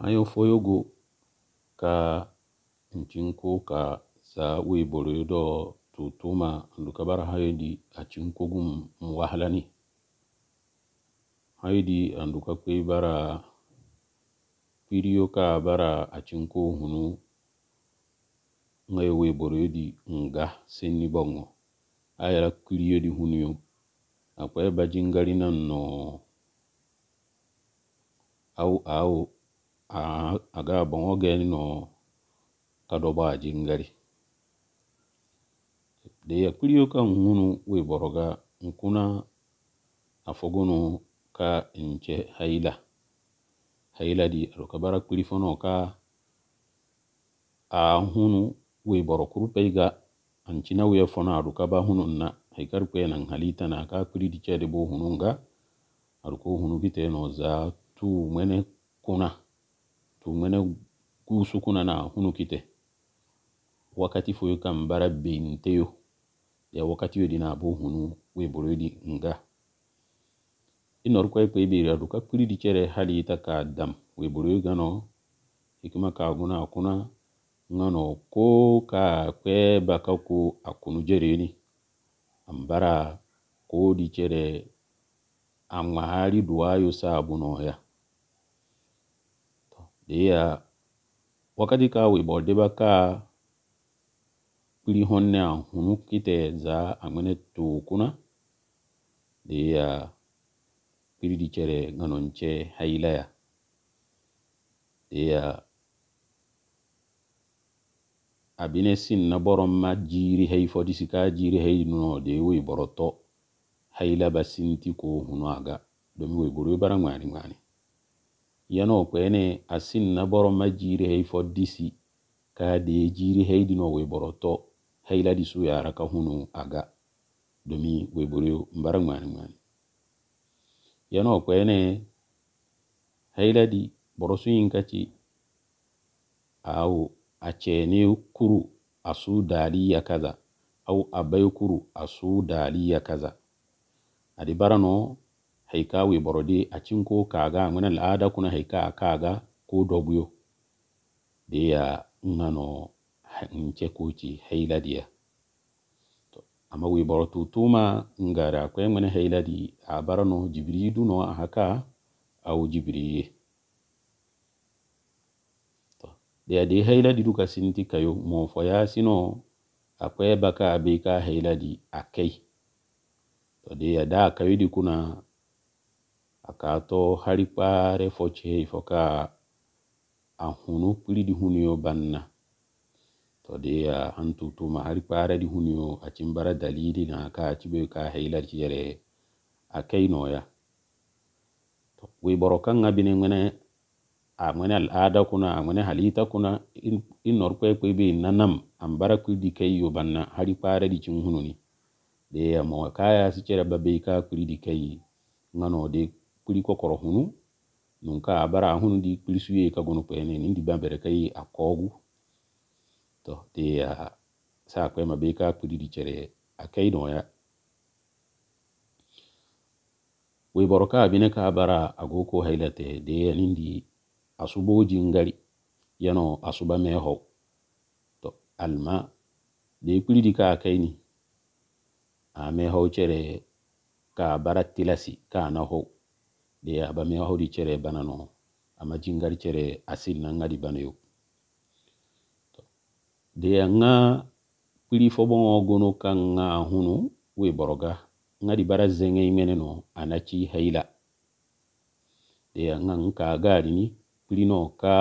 hayo foyogo ka nchinkoka za weiboro do tutuma nduka bara hayodi achinkogum mwahlani di anduka kwei bara piriyo ka bara achinko hunu ngayo weiboro yodi nga senni bongo ayala kiriyodi hunuyo akwai bajingari na no au au a ga aga boŋo geni no kadoba a jingari de yakuriyo kaŋ hunu we boro ga nkuna afogono ka nce haila haila di ado ka bara kpiri ka a hunu we boro kurpey ga ancina wiya fono a ka ba hunun na haikar kwe nan halita na ka kpiri di cede bo hunun ga ado ko hunu gite no za tu mwene kuna tungana kusukuna na hunu kite wakati foyo mbara bara benteyo ya wakati yo dina abo hunu we boro di nga inor ko pe be ra ka kuri di chere hali ta ka dam we boro gano hikima ka guna akuna ngano ko ka kwe baka ko akunu jereni ambara ko di chere amahari duwayo sa abuno ya iya wakati ka wibo deba ka kuli honne a hunu kite za angwene tukuna iya kuli dichere nganonche hailaya iya abine sin na borom ma jiri hei fodisi ka jiri hei nuno de wibo roto haila basinti ko hunu aga domi wibo rwe bara ngwani ngwani yano kwene asin na boro ma jiri hei disi ka de jiri hei dino we boro to hei la su ya ka hunu aga domi we boro mbara ngmani ngmani yano kwene hei di boro su yinkati au ne kuru asu ya kaza au bai kuru asu ya kaza adi barano haika a cin ko kaga ngana al'ada kuna haika kaga ko dobuyo deya ngano nche kuchi haila dia amma wi boro tutuma ngara kwe ngana haila di abarano jibiri a ahaka au jibiri deya de haila di duka sinti kayo mo foya sino akwai baka abika haila di akai to deya da kayo di kuna akaato hari kpaare fɔce fɔ ka a hunu kpiri di hunu yɔ banna tɔ de ya an tutu ma hari kpaare di hunu yɔ a ti bara dalili na ka a ti bɛ ka hɛlɛ ti yɛrɛ a kɛ yi nɔ ya tɔ we bɔrɔ kan ka bine ŋmɛnɛ a ŋmɛnɛ laada kunna a ŋmɛnɛ halita kunna i nɔr kpɛ kpɛ bɛ nanam an bara kpiri di kɛ yi yɔ banna hari kpaare di ti hunu ni de ya mɔ kaya sikyɛrɛ ba bɛ ka kpiri di kɛ yi ŋmɛnɛ o de kuli kokoro hunu nunka bara hunu di kuli suye ka gono pene ni di bambere kay akogu to te uh, sa kwe ma beka kuli di chere akay no ya we boroka bine ka bara agoko hailate de nindi asubo jingali yano asuba me ho to alma de kuli di ka akay ni a me ho chere ka bara tilasi ka na ho de abamewa hodi chere banano no ama jingari chere asil na ngadi banayo de nga kuli fo bon ogono kanga hunu we boroga ngadi bara zenge imene no anachi haila de nga nka gari ni kuli no ka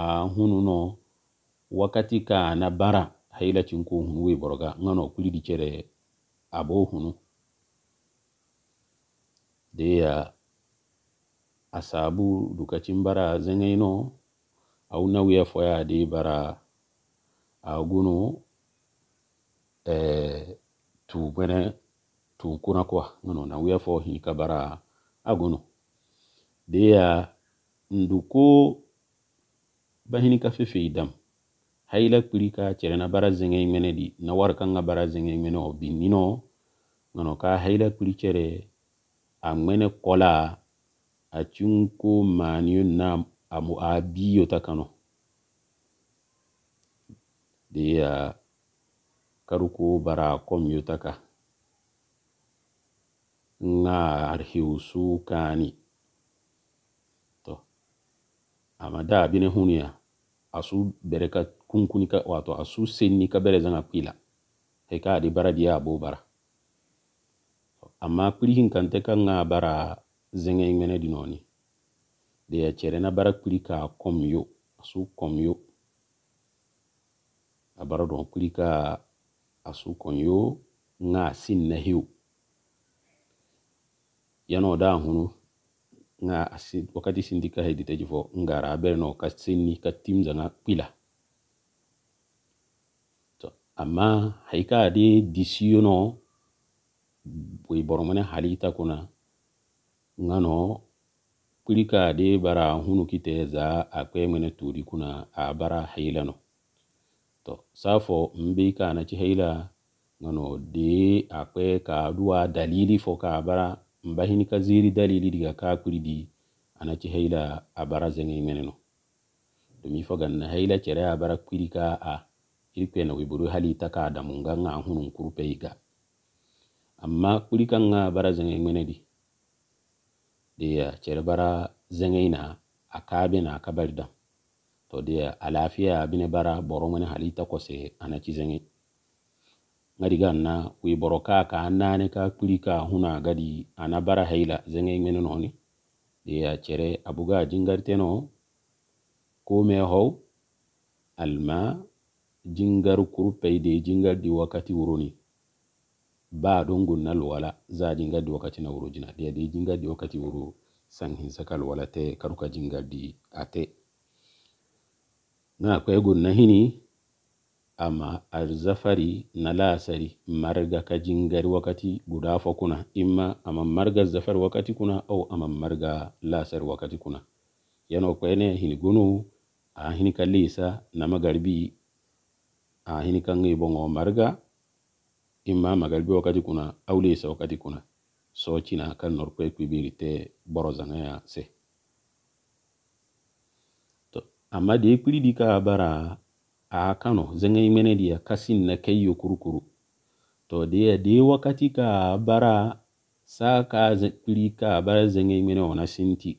a hunu no wakati ka na bara haila chinku hunu we boroga nga no kuli di chere abo hunu de ya uh, asabu dukacin bara zeneno au nawya foya de bara aguno eh, tu bene tu kuna kwa ngono nawya fo ka bara aguno deya nduko bahinika fefe idam haila kuri ka cere na bara zangai mene di na war kan bara zangai mene o binnino ŋano ka haila kuri cere a mene kola a cunko maniyo na a mo a biyo ta kano de a karuko bara kom yo ta ka nga arhiu su kani to amada bine hunia asu bereka kunkuni ka wato asu senni ka bere zanga pila he ka di bara dia bo bara amma pulihin kante ka nga bara zẽngã yĩngã ne dinɔɔni de ya cɛrɛ na bara kuli a kom yo a su kom yo a bara dɔn kulika a su kom yo ŋa a sin na heu yana o daa hũnu ŋa wakati sindi ka he dita jifo ngara a bɛrɛ nɔ ka senni ka tim zaŋa kpila amma haika de disiyo nɔ boi bɔrɔmɔnɛ halita kuna ngano kulika de bara hunu kite za akwai mene turi kuna a bara haila no. To, safo mbe ka na ci haila ngano de akwai ka duwa dalili fo ka bara mbahini ka ziri dalili diga ka kuri di ana ci haila a bara zenge mene no. Domi fo gan na haila cere a bara kulika a irikwe na wiburu halita ka damunga nga hunu kurupe iga. Amma kulika nga bara zenge mene di. diya cere bara zengeina a kaabe na kabari dam to diya a lafiya bine bara boro mane halita kose ana ci zenge ngadi gan na wi boro ka ka annane ka kuli ka huna gadi ana bara hayla zenge ngene noni diya cere abuga jingarteno ko me hou alma jingaru kurupeyde jingar di wakati wuroni baɗon gon nal wala zaɗi ngaddi wakkati nawrojina ɗi adi jingaddi wakkati wuro sanhinsakal wala te karuka jingaddi ate na kwai gon nahini amma azafari na lasari marga ka jingari wakkati gudafa kuna imma amma marga zafari wakkati kuna o amma marga lasari wakkati kuna yano kwai ne hini gunu a hini ka lisa na magarbi a hini kan yi bongo marga imma magharibi wakati kuna au lesa wakati kuna so china kal norkwe kwibiri te borozanga ya se to amma da ikuli di ka bara a kano zanga imene dia kasin na kayyo kurukuru to da da wakati ka bara sa ka kuli ka bara zanga imene wana sinti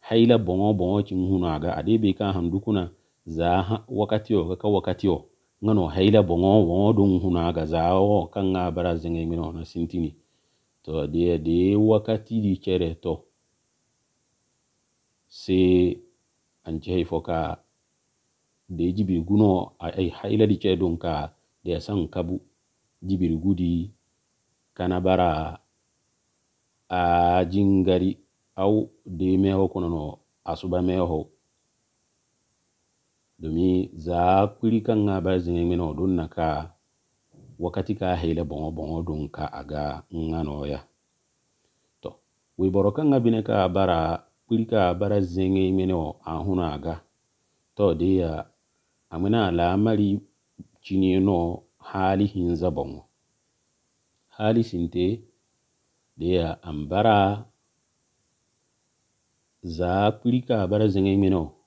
haila bongo bongo cin hunu aga ade be ka handukuna za wakati yo ka wakati wa? ngan o hayla bongo wongo dun hunaga zawo kan nga bara zenge mino na sintini to de de wakati di kere to se an je foka de jibir guno ay hayla di kere dun ka de san kabu jibir gudi kana bara a jingari au de meho kono no asuba meho domi za kuri kan nga ba zin yi mina odun na ka wakati ka haile bongo bongo dun ka aga nga noya to wi boro kan nga bine ka bara kuri ka bara zin yi mina o ahuna aga to de ya amina alamari chini no hali hinza bongo hali sinte de ya ambara za kuri ka bara zin yi mina o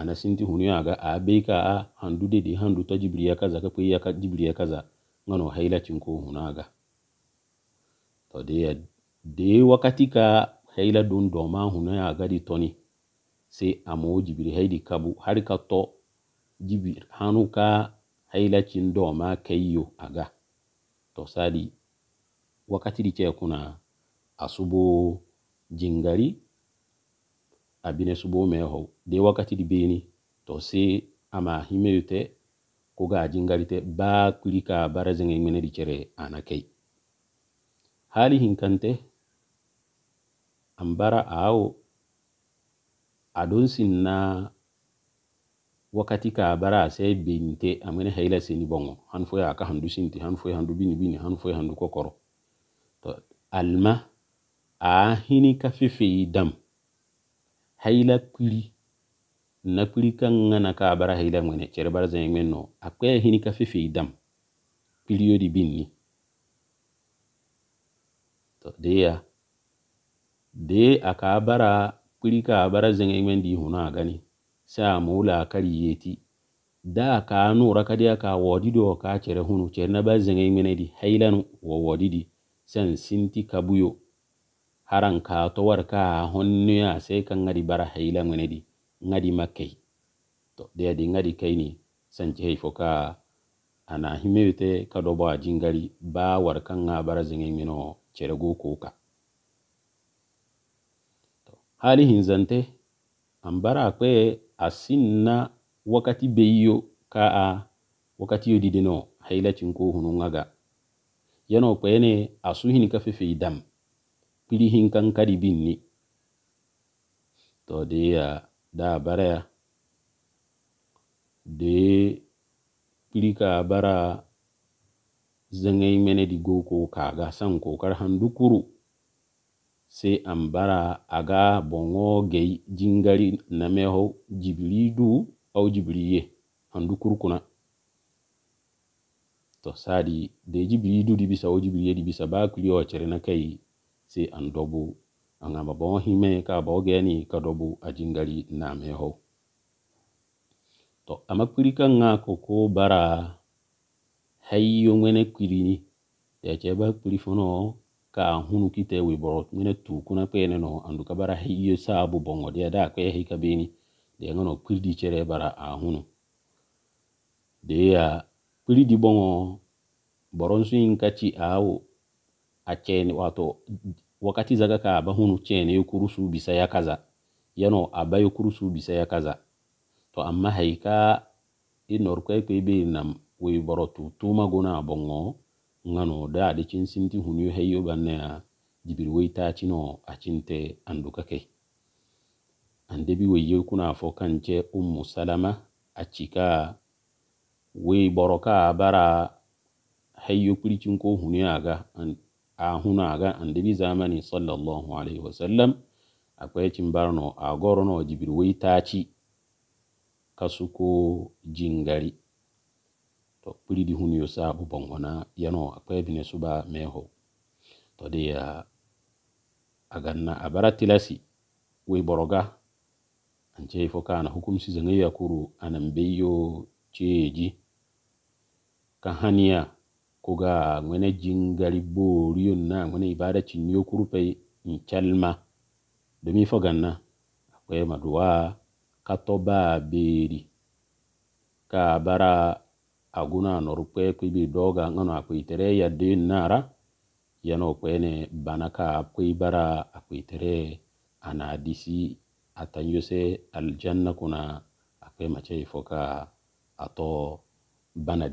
anasinti hunu aga a be a handu de de handu ta ya kaza ka kwe ya ka ya kaza ngano haila chinko hunu aga to de ya de wakati ka haila don doma hunu aga di toni se amo jibiri haidi kabu harika to jibir hanu ka haila chin doma kayo aga to sali wakati di che kuna asubu jingari abine subo me ho de wakati di beni to se ama himeyute ko ga jingarite ba kulika barazeng ngene di cere anakei hali hinkante ambara awo adon sinna wakati ka bara se binte amene hayla seni bongo han foya ka handu sinti han foya handu bini bini han foya handu kokoro to alma a hini ka fifi dam haila kuli na kuli kan ngana ka bara haila mwene chere bara zanyi mweno akwe hini ka fefe dam kuli yodi binni to dea de aka bara kuli ka bara zanyi men di huna gani sa mula kari yeti da ka nura ka dia ka wodi ka chere hunu chere na ba zeng mene di haylanu wa wodi di san sinti kabuyo haran ka to war ka honnuya sai kan ngadi bara hayla ngene di ngadi makkei to de adi ngadi kaini sanje hay foka ana himete ka do ba jingari ba war kan nga bara zinge mino cerego kuka to hali hinzante ambara kwe asinna wakati beyo ka a wakati yo dideno hayla cinko hununga ga yano kwene asuhini ka fefe idam pirihin kan kadi binni to de ya da baraya de pirika bara zangai mene di go ko kaga san ko kar handukuru sai an bara a ga bongo gai jingari na meho jibiri du au jibiri ye handukuru kuna to sadi de jibiri du di bisa o jibiri ye di bisa ba kuli o na kai sai an dobo an ama bon mai ka bo ni ka dobo a jingari na meho to ama kwiri kan nga ko ko bara hayyo ngwene kwiri ni ya ce ba kwiri fono ka hunu kite we boro ngwene tu kuna pene no andu ka bara hayyo sabu bongo dia da ko he ka beni de ngano kwiri di chere bara a hunu Da ya kwiri di bongo boron su yin kaci awo a ceni wato wakati zaga ka ba hunu ceni yukuru su bisa ya kaza yano a ba yukuru su bisa ya kaza to amma haika i nor kai kai be nam wi boro tu tuma guna bongo ngano da de cin sinti hunu hayo banne a jibir wi ta cino a cinte anduka kai an debi wi yi kuna fo kance ummu salama a cika wi boro ka bara hayo kuri cin ko hunu aga an A ahụnaga andịbi zamani sallallahu alaihi wasallam akwai a agorono jibir wai ta taci kasuko jingari to hunu yosa sabu bongona yano akwai bine suba meho to de ya aganna abara tilasi wai boroga ance fo kana hukumsi zangai yakuru anan beyo ceji ka haniya kuga ŋwene jingari booriyon na ngwene ibada chinyo kurupe in calma domin fo akwe maduwa ka toba ka bara aguna norupe kwibi doga ngano akwi ya yaddiyon nara yano kwene bana ka akwi anadisi atanyose tere disi aljanna kuna akwe mache foka ato bana